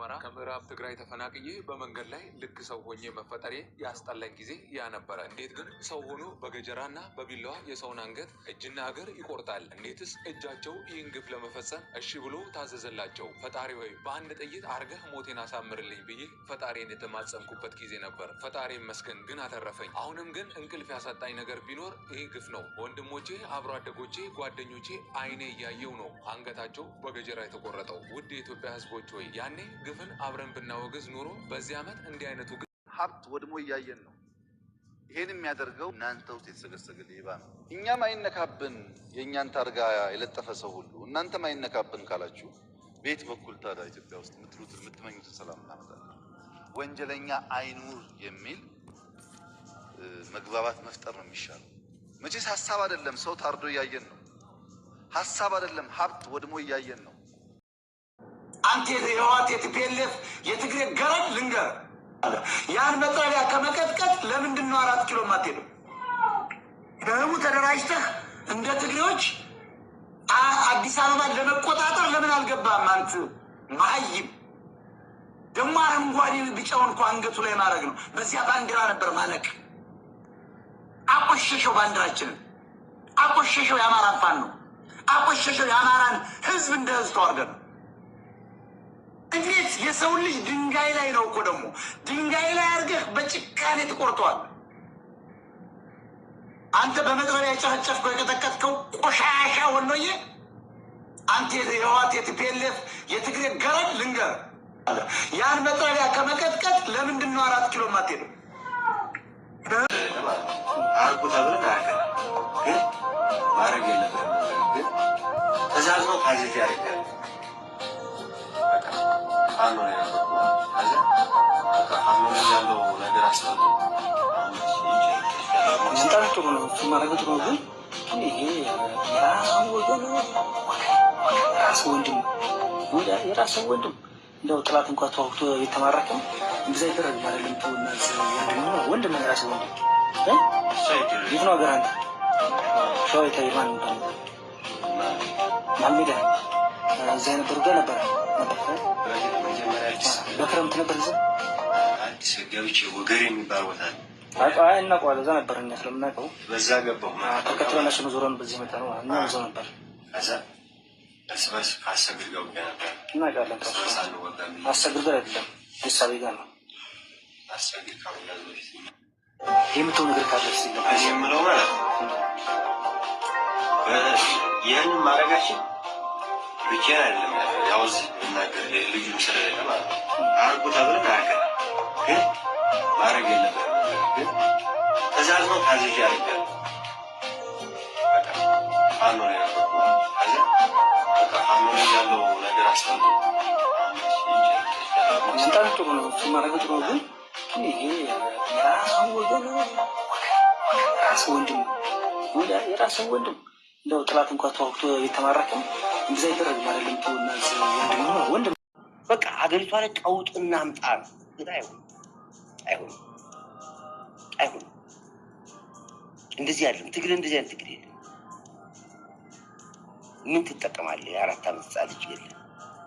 ሁመራ ከምዕራብ ትግራይ ተፈናቅዬ በመንገድ ላይ ልክ ሰው ሆኜ መፈጠሬ ያስጠላኝ ጊዜ ያ ነበረ። እንዴት ግን ሰው ሆኖ በገጀራና በቢላዋ የሰውን አንገት እጅና እግር ይቆርጣል? እንዴትስ እጃቸው ይህን ግፍ ለመፈጸም እሺ ብሎ ታዘዘላቸው? ፈጣሪ ወይ በአንድ ጥይት አርገህ ሞቴን አሳምርልኝ ብዬ ፈጣሪን የተማጸንኩበት ጊዜ ነበር። ፈጣሪ መስገን ግን አተረፈኝ። አሁንም ግን እንቅልፍ ያሳጣኝ ነገር ቢኖር ይህ ግፍ ነው። ወንድሞቼ፣ አብሮ አደጎቼ፣ ጓደኞቼ አይኔ እያየው ነው አንገታቸው በገጀራ የተቆረጠው። ውድ የኢትዮጵያ ህዝቦች ሆይ ያኔ ግፍን አብረን ብናወግዝ ኑሮ በዚህ ዓመት እንዲህ አይነቱ ሀብት ወድሞ እያየን ነው። ይሄን የሚያደርገው እናንተ ውስጥ የተሰገሰገ ሌባ ነው። እኛም አይነካብን የእኛን ታርጋ የለጠፈ ሰው ሁሉ እናንተም አይነካብን ካላችሁ ቤት በኩል ታዲያ ኢትዮጵያ ውስጥ የምትሉትን የምትመኙትን ሰላም እናመጣለን። ወንጀለኛ አይኑር የሚል መግባባት መፍጠር ነው የሚሻለው። መቼስ ሀሳብ አይደለም ሰው ታርዶ እያየን ነው። ሀሳብ አይደለም ሀብት ወድሞ እያየን ነው። አንተ የህወሓት የቲፒኤልኤፍ የትግሬ ገረድ ልንገር ያን መጥረቢያ ከመቀጥቀጥ ለምንድን ነው አራት ኪሎ ማትሄደው? ደህቡ ተደራጅተህ እንደ ትግሬዎች አዲስ አበባን ለመቆጣጠር ለምን አልገባም? አንት መሀይም ደግሞ አረንጓዴ ቢጫውን እኮ አንገቱ ላይ ማድረግ ነው። በዚያ ባንዲራ ነበር ማለቅ። አቆሸሸው፣ ባንዲራችንን አቆሸሸው። የአማራን ፋኖ ነው አቆሸሸው። የአማራን ህዝብ እንደ ህዝብ ተዋርደ ነው እንዴት የሰው ልጅ ድንጋይ ላይ ነው እኮ ደግሞ ድንጋይ ላይ አድርገህ በጭካኔ ትቆርጠዋል። አንተ በመጥረቢያ የጨፈጨፍከው የቀጠቀጥከው ቆሻሻ ወሎዬ፣ አንተ የህዋት የትፔሌፍ የትግሬ ገረድ ልንገር፣ ያን መጥረቢያ ከመቀጥቀጥ ለምንድን ነው አራት ኪሎ ማትሄዱ? ተዛዝኖ ታዘት ያደርጋል ፋኖ ነው ያለው ከዚያ በቃ ፋኖ ያለው ነገር አስፈልጎ መምጣት ጥሩ ነው፣ እሱ ማድረግ ጥሩ ነው። ግን ይሄ ወንድም የራሱ ወንድም እንደው ጥላት እንኳ ተዋግቶ የተማረከም እንደዛ ይደረግ አይደለም። ወንድም ነው ወንድም የት ነው ሀገር አንተ ሸዋይታ የማን ማልሜዳ እዛ የነበሩ ጋር ነበረ ነበረ አዲስ በክረምት ነበር እዛ አዲስ ገብቼ ወገሬ የሚባል ቦታ እናውቀዋለን። እዛ ነበር እኛ ስለምናውቀው በዛ ገባሁ። ተከትሎ እነሱ ዞረን በዚህ መጣ ነው እና እዛው ነበር ከዛ እርስ በርስ ከአሰግድ ገቡ ነበር እናውቃለን። አሰግድ ጋር አይደለም ሳቤ ጋር ነው አሰግድ ከሁላ በፊት የምትሆን ነገር ካለ የምለው ማለት ይህንን ማድረጋችን ብቻዬን አይደለም ነበር ያው እዚህ ስለሌለ ማለት ነው። አርጉ ተብለን አያገር ግን ማድረግ የለበትም ግን ትእዛዝ ነው። ፋኖ ላይ ነበር ስልጣን ጥሩ ነው፣ ማድረግ ጥሩ ግን ይሄ ወገን ራሱ ወንድም የራሱ ወንድም እንደው ጥላት እንኳ ተዋግቶ የተማረከ በቃ አገሪቷ ላይ ቀውጥና አምጣ ነው። አይሆንም፣ አይሆንም። እንደዚህ አይደለም ትግል፣ እንደዚህ አይነት ትግል የለም። ምን ትጠቀማለህ? የአራት ልጅ የለም።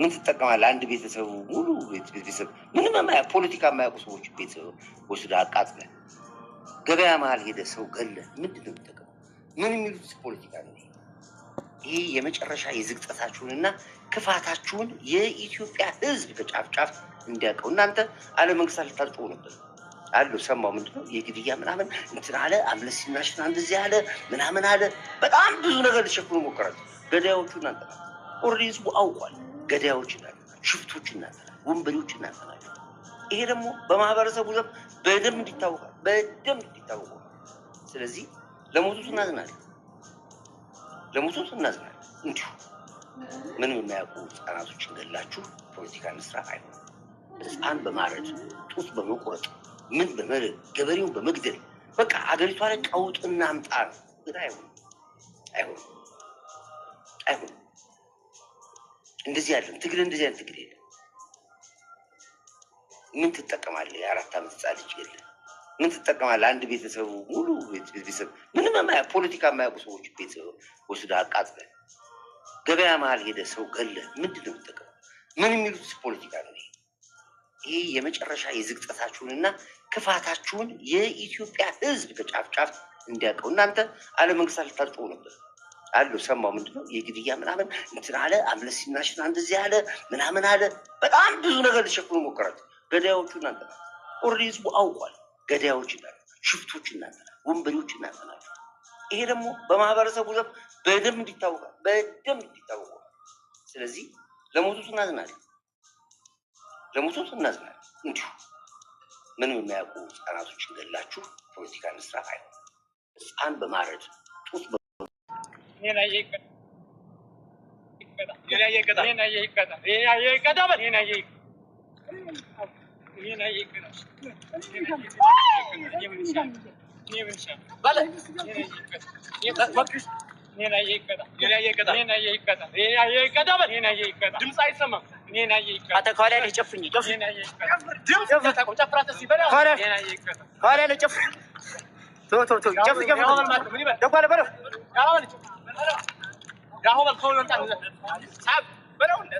ምን ትጠቀማለህ? አንድ ቤተሰቡ ሙሉ ቤተሰብ ምንም የማያ ፖለቲካ የማያውቁ ሰዎች ቤተሰብ አቃጥለህ ገበያ መሀል ሰው ምንድን ነው ምን የሚሉት ፖለቲካ ነው? ይሄ የመጨረሻ የዝግጠታችሁንና ክፋታችሁን የኢትዮጵያ ሕዝብ በጫፍጫፍ እንዲያውቀው እናንተ አለ መንግስታት ልታጥቁ ነበር አሉ ሰማው ምንድን ነው የግድያ ምናምን እንትን አለ አምነስቲ ናሽናል እንደዚህ አለ ምናምን አለ። በጣም ብዙ ነገር ልሸፍኑ ሞከራችሁ። ገዳያዎቹ እናንተ ናችሁ። ኦልሬዲ ህዝቡ አውቋል። ገዳያዎች እናንተ ናችሁ፣ ሽፍቶች እናንተ ናችሁ፣ ወንበዴዎች እናንተ ናችሁ። ይሄ ደግሞ በማህበረሰቡ ዘንድ በደንብ እንዲታወቃል፣ በደንብ እንዲታወቁ ስለዚህ ለሞቱት እናዝናለን። ለሞቱት እናዝናለን። እንዲሁ ምንም የማያውቁ ህጻናቶችን ገላችሁ ፖለቲካ መስራት አይሆንም። ህፃን በማረድ ጡት በመቁረጥ ምን በመረድ ገበሬውን በመግደል በቃ አገሪቷ ላይ ቀውጥ እናምጣ ነው። ግን አይሆንም፣ አይሆንም፣ አይሆንም። እንደዚህ ያለን ትግል እንደዚህ ያለ ትግል የለም። ምን ትጠቀማለህ? የአራት ዓመት ህፃን ልጅ የለን ምን ትጠቀማለህ? አንድ ቤተሰቡ ሙሉ ቤተሰብ ምንም የማያ ፖለቲካ የማያውቁ ሰዎች ቤት ወስደ አቃጥለ ገበያ መሀል ሄደ ሰው ገለ ምንድን ነው የምትጠቀመው? ምን የሚሉት ፖለቲካ ነው? ይሄ የመጨረሻ የዝግጠታችሁንና ክፋታችሁን የኢትዮጵያ ሕዝብ ከጫፍጫፍ እንዲያውቀው እናንተ መንግስታት ልታልጡ ነበር አሉ ሰማው ምንድነው የግድያ ምናምን እንትን አለ አምነስቲ ናሽናል እንደዚህ አለ ምናምን አለ። በጣም ብዙ ነገር ልሸፍኑ ሞከራቸው ገዳዮቹ እናንተ ኦልሬዲ ህዝቡ አውቋል። ገዳዮች እናጠናል፣ ሽፍቶች እናጠናል፣ ወንበዴዎች እናጠናል። ይሄ ደግሞ በማህበረሰቡ ዘፍ በደንብ እንዲታወቃል፣ በደንብ እንዲታወቃል። ስለዚህ ለሞቱት እናዝናለን፣ ለሞቱት እናዝናለን። እንዲሁ ምንም የሚያውቁ ህጻናቶች እንገላችሁ ፖለቲካ መስራት አይ ህፃን በማረድ ጡት ይቀጣል። ये नहीं एक मिनट ये मिनट ये मिनट भले ये वक्त నేను అయ్యేకదా నేను అయ్యేకదా నేను అయ్యేకదా నేను అయ్యేకదా నేను అయ్యేకదా ድምፅ አይሰማም నేను అయ్యేకదా అత ከኋላ ላይ ጨፍኝ ጨፍኝ నేను అయ్యేకదా ድምፅ ታቆ ጨፍራተ ሲበላ ከኋላ నేను అయ్యేకదా ከኋላ ላይ ጨፍ ቶ ቶ ቶ ጨፍ ጨፍ ደባለ በለው ያወል ያወል ከሆነ እንጣ ሳብ በለው እንደ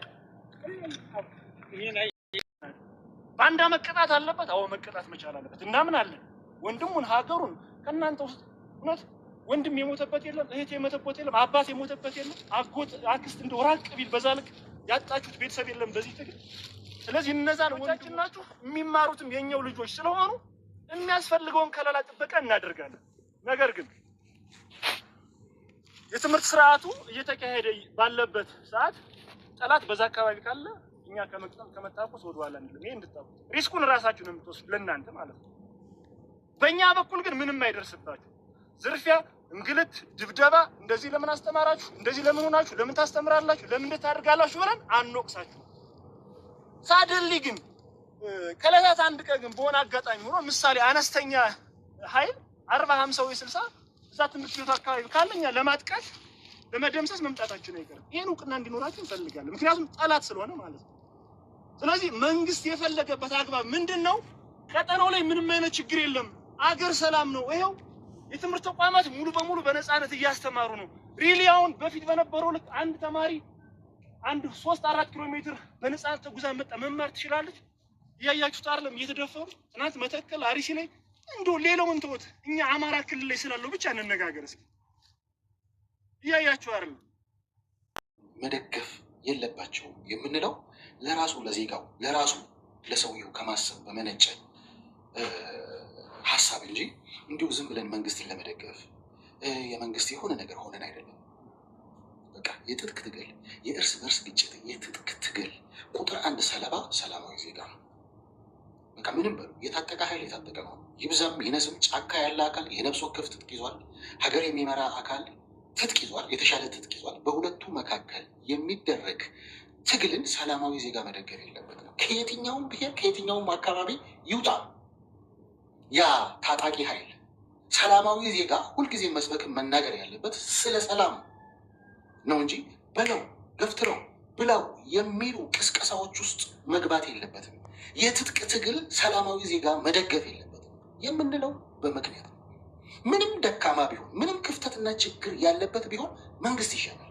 ባንዳ መቀጣት አለበት። አዎ መቀጣት መቻል አለበት። እናምናለን። ወንድሙን ሀገሩን ከእናንተ ውስጥ እውነት ወንድም የሞተበት የለም፣ እህት የሞተበት የለም፣ አባት የሞተበት የለም፣ አጎት አክስት እንደ ራቅ ቢል በዛ ልክ ያጣችሁት ቤተሰብ የለም በዚህ ትግል። ስለዚህ እነዛን ወንጃችን ናችሁ የሚማሩትም የኛው ልጆች ስለሆኑ የሚያስፈልገውን ከለላ ጥበቃ እናደርጋለን። ነገር ግን የትምህርት ስርዓቱ እየተካሄደ ባለበት ሰዓት ጠላት በዛ አካባቢ ካለ እኛ ከመቅጠም ከመታቆስ ወደ ኋላ እንልም። ይሄ እንድታቁ ሪስኩን ራሳችሁ ነው የምትወስዱ፣ ለእናንተ ማለት ነው። በእኛ በኩል ግን ምንም አይደርስባችሁ። ዝርፊያ፣ እንግልት፣ ድብደባ እንደዚህ ለምን አስተማራችሁ፣ እንደዚህ ለምን ሆናችሁ፣ ለምን ታስተምራላችሁ፣ ለምን ታደርጋላችሁ ብለን አንወቅሳችሁ። ሳድሊ ግን ከለታት አንድ ቀን ግን በሆነ አጋጣሚ ሆኖ ምሳሌ አነስተኛ ኃይል አርባ ሀምሳ ወይ ስልሳ እዛ ትምህርት ቤቱ አካባቢ ካለኛ ለማጥቃት ለመደምሰስ መምጣታችን አይቀርም። ይህን እውቅና እንዲኖራችሁ እንፈልጋለን። ምክንያቱም ጠላት ስለሆነ ማለት ነው። ስለዚህ መንግስት የፈለገበት አግባብ ምንድን ነው? ቀጠናው ላይ ምንም አይነት ችግር የለም፣ አገር ሰላም ነው። ይኸው የትምህርት ተቋማት ሙሉ በሙሉ በነፃነት እያስተማሩ ነው። ሪሊ አሁን በፊት በነበረው ልክ አንድ ተማሪ አንድ ሶስት አራት ኪሎ ሜትር በነፃነት ተጉዛ መጣ መማር ትችላለች። እያያችሁት አይደለም? እየተደፈሩ ትናንት መተከል አሪሲ ላይ እንዶ ሌላውን ተወት፣ እኛ አማራ ክልል ላይ ስላለው ብቻ እንነጋገር እስኪ። እያያችሁ አይደለም? መደገፍ የለባቸውም የምንለው ለራሱ ለዜጋው ለራሱ ለሰውየው ከማሰብ በመነጨ ሀሳብ እንጂ እንዲሁ ዝም ብለን መንግስትን ለመደገፍ የመንግስት የሆነ ነገር ሆነን አይደለም። በቃ የትጥቅ ትግል፣ የእርስ በርስ ግጭት፣ የትጥቅ ትግል ቁጥር አንድ ሰለባ ሰላማዊ ዜጋ ነው። በቃ ምንም በሉ፣ የታጠቀ ኃይል የታጠቀ ነው። ይብዛም ይነስም ጫካ ያለ አካል የነፍስ ወከፍ ትጥቅ ይዟል። ሀገር የሚመራ አካል ትጥቅ ይዟል። የተሻለ ትጥቅ ይዟል። በሁለቱ መካከል የሚደረግ ትግልን ሰላማዊ ዜጋ መደገፍ የለበት ነው። ከየትኛውም ብሄር ከየትኛውም አካባቢ ይውጣ ያ ታጣቂ ኃይል ሰላማዊ ዜጋ ሁልጊዜ መስበክን መናገር ያለበት ስለ ሰላም ነው እንጂ በለው ገፍትረው ብለው የሚሉ ቅስቀሳዎች ውስጥ መግባት የለበትም። የትጥቅ ትግል ሰላማዊ ዜጋ መደገፍ የለበትም የምንለው በምክንያት ምንም ደካማ ቢሆን ምንም ክፍተትና ችግር ያለበት ቢሆን መንግስት ይሻላል።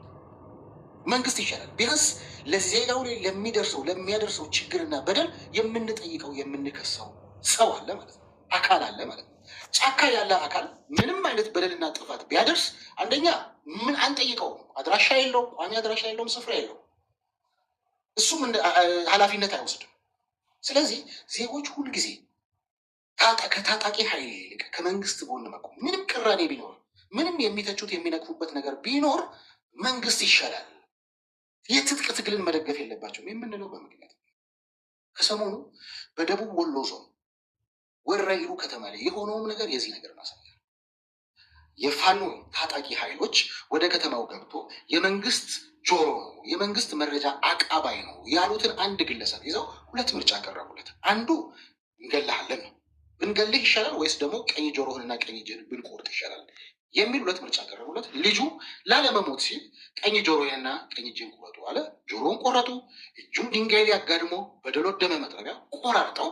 መንግስት ይሻላል። ቢያንስ ለዜጋው ላይ ለሚደርሰው ለሚያደርሰው ችግርና በደል የምንጠይቀው የምንከሰው ሰው አለ ማለት ነው፣ አካል አለ ማለት ነው። ጫካ ያለ አካል ምንም አይነት በደልና ጥፋት ቢያደርስ አንደኛ ምን አንጠይቀውም። አድራሻ የለውም፣ ቋሚ አድራሻ የለውም፣ ስፍራ የለውም። እሱም ኃላፊነት አይወስድም። ስለዚህ ዜጎች ሁልጊዜ ከታጣቂ ኃይል ይልቅ ከመንግስት ጎን መቆም ምንም ቅራኔ ቢኖር ምንም የሚተቹት የሚነቅፉበት ነገር ቢኖር መንግስት ይሻላል። የትጥቅ ትግልን መደገፍ የለባቸውም የምንለው በምክንያት ከሰሞኑ በደቡብ ወሎ ዞን ወራይሉ ከተማ ላይ የሆነውም ነገር የዚህ ነገር ማሳያ የፋኖ ታጣቂ ኃይሎች ወደ ከተማው ገብቶ የመንግስት ጆሮ ነው የመንግስት መረጃ አቃባይ ነው ያሉትን አንድ ግለሰብ ይዘው ሁለት ምርጫ ቀረቡለት። አንዱ እንገላሃለን ነው ብንገልህ ይሻላል ወይስ ደግሞ ቀኝ ጆሮህንና ቀኝ እጅህን ብንቆርጥ ይሻላል የሚል ሁለት ምርጫ ቀረቡለት። ልጁ ላለመሞት ሲል ቀኝ ጆሮዬንና ቀኝ እጄን ቁረጡ አለ። ጆሮውን ቆረጡ። እጁን ድንጋይ ላይ አጋድሞ ደመ መጥረቢያ ቆራርጠው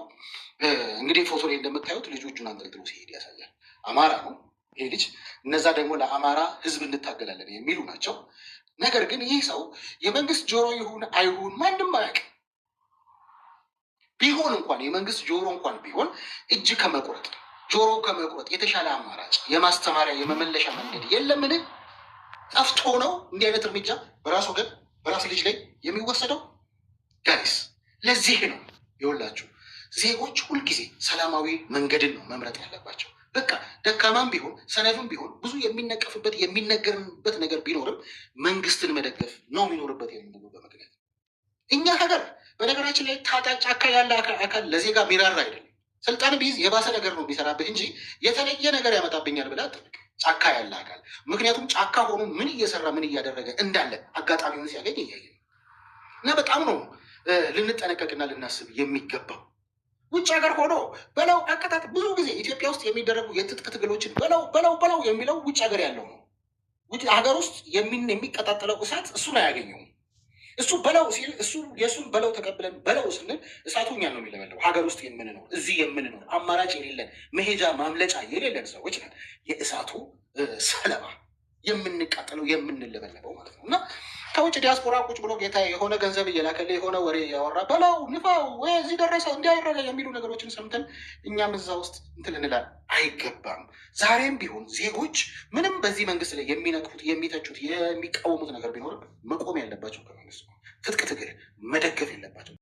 እንግዲህ ፎቶ ላይ እንደምታዩት ልጁ እጁን አንጠልጥሎ ሲሄድ ያሳያል። አማራ ነው ይሄ ልጅ። እነዛ ደግሞ ለአማራ ህዝብ እንታገላለን የሚሉ ናቸው። ነገር ግን ይህ ሰው የመንግስት ጆሮ ይሁን አይሁን ማንም አያውቅም። ቢሆን እንኳን የመንግስት ጆሮ እንኳን ቢሆን እጅ ከመቁረጥ ነው ጆሮ ከመቁረጥ የተሻለ አማራጭ የማስተማሪያ የመመለሻ መንገድ የለምን? ጠፍቶ ነው እንዲህ አይነት እርምጃ በራስ ወገን በራስ ልጅ ላይ የሚወሰደው። ጋይስ ለዚህ ነው የወላችሁ ዜጎች ሁልጊዜ ሰላማዊ መንገድን ነው መምረጥ ያለባቸው። በቃ ደካማም ቢሆን ሰነፍም ቢሆን ብዙ የሚነቀፍበት የሚነገርበት ነገር ቢኖርም መንግስትን መደገፍ ነው የሚኖርበት የሚሉ በምክንያት እኛ ሀገር በነገራችን ላይ ታጣቂ አካል ያለ አካል ለዜጋ ሚራራ አይደለም። ስልጣን ቢይዝ የባሰ ነገር ነው የሚሰራብህ እንጂ የተለየ ነገር ያመጣብኛል ብላ አጠብቅ። ጫካ ያለ አካል ምክንያቱም ጫካ ሆኖ ምን እየሰራ ምን እያደረገ እንዳለ አጋጣሚውን ሲያገኝ እያየ እና በጣም ነው ልንጠነቀቅና ልናስብ የሚገባው። ውጭ ሀገር ሆኖ በለው አቀጣጥ ብዙ ጊዜ ኢትዮጵያ ውስጥ የሚደረጉ የትጥቅ ትግሎችን በለው በለው በለው የሚለው ውጭ ሀገር ያለው ነው። ሀገር ውስጥ የሚቀጣጠለው እሳት እሱን አያገኘውም። እሱ በለው ሲል እሱ የእሱን በለው ተቀብለን በለው ስንል እሳቱ እኛን ነው የሚለበለው። ሀገር ውስጥ የምንኖር እዚህ የምንኖር አማራጭ የሌለን መሄጃ ማምለጫ የሌለን ሰዎች ነን የእሳቱ ሰለባ የምንቃጠለው የምንለበለበው ማለት ነው እና ከውጭ ዲያስፖራ ቁጭ ብሎ ጌታ የሆነ ገንዘብ እየላከለ የሆነ ወሬ እያወራ በላው ንፋው ወይ እዚህ ደረሰ እንዲያደረገ የሚሉ ነገሮችን ሰምተን እኛም እዛ ውስጥ እንትን እንላለን። አይገባም። ዛሬም ቢሆን ዜጎች ምንም በዚህ መንግስት ላይ የሚነቅፉት፣ የሚተቹት፣ የሚቃወሙት ነገር ቢኖርም መቆም ያለባቸው ከመንግስት ትጥቅ ትግል መደገፍ የለባቸው።